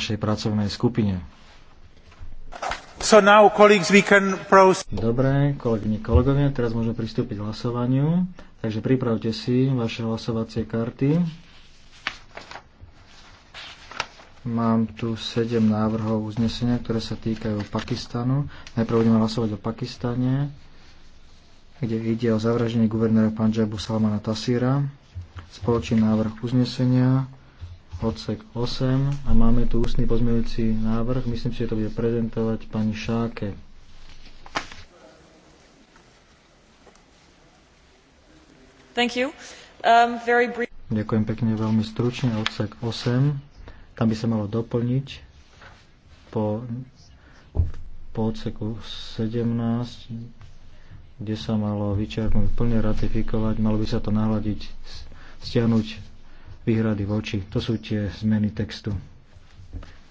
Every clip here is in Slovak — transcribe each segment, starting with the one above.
našej pracovnej skupine. So now, colleagues, we can Dobre, kolegyne, kolegovia, teraz môžeme pristúpiť k hlasovaniu. Takže pripravte si vaše hlasovacie karty. Mám tu 7 návrhov uznesenia, ktoré sa týkajú Pakistanu. Najprv budeme hlasovať o Pakistane, kde ide o zavraždenie guvernéra Panjabu Salmana Tasíra. Spoločný návrh uznesenia odsek 8 a máme tu ústny pozmeňujúci návrh. Myslím si, že to bude prezentovať pani Šáke. Thank you. Um, very brief... Ďakujem pekne, veľmi stručne. Odsek 8. Tam by sa malo doplniť po, po odseku 17, kde sa malo vyčerpnúť plne ratifikovať. Malo by sa to nahladiť, stiahnuť výhrady voči. To sú tie zmeny textu,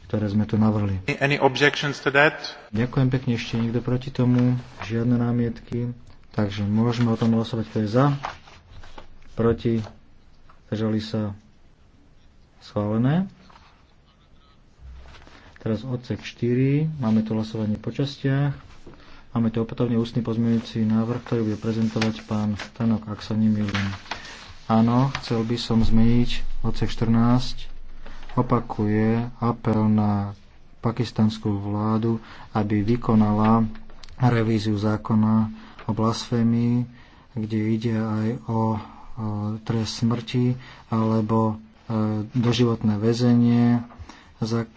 ktoré sme tu navrhli. Any objections to that? Ďakujem pekne, ešte nikto proti tomu, žiadne námietky. Takže môžeme o tom hlasovať, kto je za, proti, zdržali sa, schválené. Teraz odsek 4, máme tu hlasovanie po častiach. Máme tu opätovne ústny pozmeňujúci návrh, ktorý bude prezentovať pán Stanok, ak sa nemýlim. Áno, chcel by som zmeniť odsek 14. Opakuje apel na pakistanskú vládu, aby vykonala revíziu zákona o blasfémii, kde ide aj o trest smrti alebo e, doživotné väzenie za,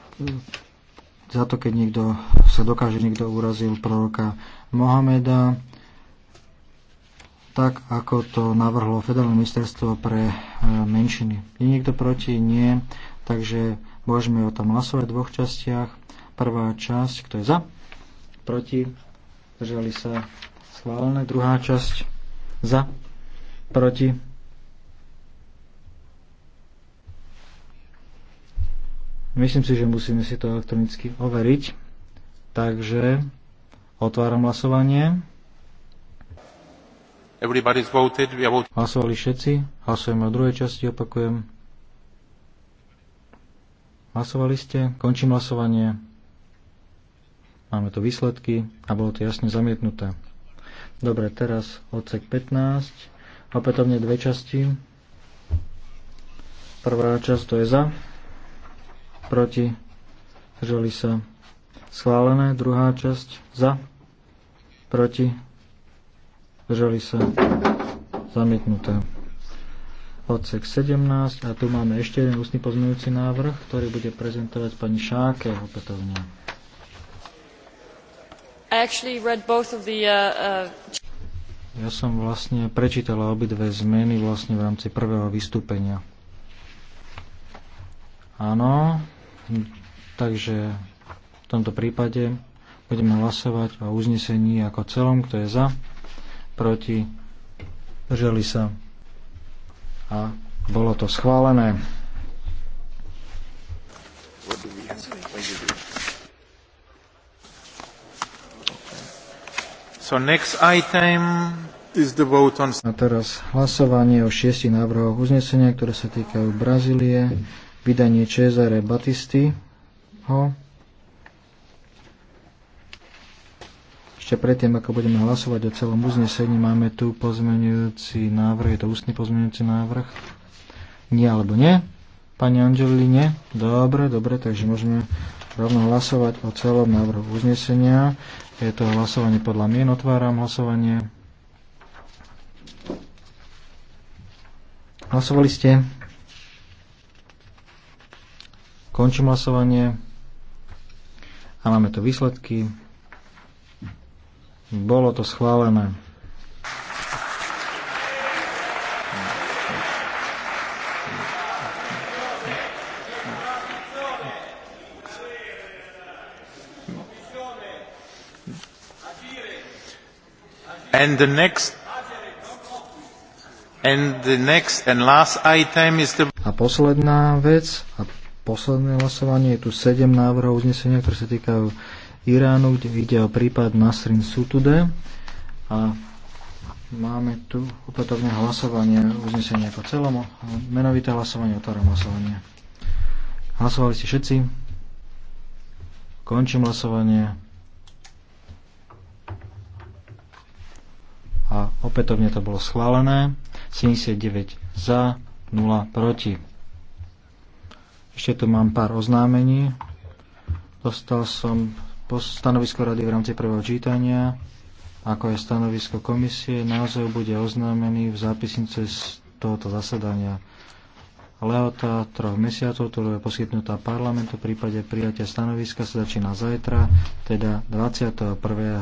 za to, keď niekto, sa dokáže niekto urazil proroka Mohameda tak ako to navrhlo Federálne ministerstvo pre e, menšiny. Je niekto proti? Nie. Takže môžeme o tom hlasovať v dvoch častiach. Prvá časť, kto je za? Proti? držali sa schválené. Druhá časť, za? Proti? Myslím si, že musíme si to elektronicky overiť. Takže otváram hlasovanie. Everybody's voted. We Hlasovali všetci. Hlasujeme o druhej časti, opakujem. Hlasovali ste. Končím hlasovanie. Máme tu výsledky a bolo to jasne zamietnuté. Dobre, teraz odsek 15. Opätovne dve časti. Prvá časť to je za, proti, zdržali sa schválené. Druhá časť za, proti, Zdržali sa. Zamietnuté. Odsek 17. A tu máme ešte jeden ústny pozmeňujúci návrh, ktorý bude prezentovať pani Šáke opätovne. Uh, uh, ja som vlastne prečítala obidve zmeny vlastne v rámci prvého vystúpenia. Áno, takže v tomto prípade budeme hlasovať o uznesení ako celom, kto je za, proti, drželi sa a bolo to schválené. So next item is the vote on... A teraz hlasovanie o šiestich návrhoch uznesenia, ktoré sa týkajú Brazílie, vydanie Cezare Batisty. Ho. Ešte predtým, ako budeme hlasovať o celom uznesení, máme tu pozmenujúci návrh. Je to ústny pozmenujúci návrh? Nie alebo nie? Pani Angelili, nie? Dobre, dobre, takže môžeme rovno hlasovať o celom návrhu uznesenia. Je to hlasovanie podľa mien. Otváram hlasovanie. Hlasovali ste? Končím hlasovanie. A máme tu výsledky. Bolo to schválené. And the next and the next and last item is the... A posledná vec a posledné hlasovanie je tu sedem návrhov uznesenia, ktoré sa týkajú Iránu, kde ide o prípad Nasrin Sutude. A máme tu opätovné hlasovanie, uznesenie ako celom, menovité hlasovanie, otváram hlasovanie. Hlasovali ste všetci? Končím hlasovanie. A opätovne to bolo schválené. 79 za, 0 proti. Ešte tu mám pár oznámení. Dostal som stanovisko rady v rámci prvého čítania, ako je stanovisko komisie, naozaj bude oznámený v zápisnice z tohoto zasadania. Leota troch mesiacov, ktorú je poskytnutá parlamentu v prípade prijatia stanoviska, sa začína zajtra, teda 21.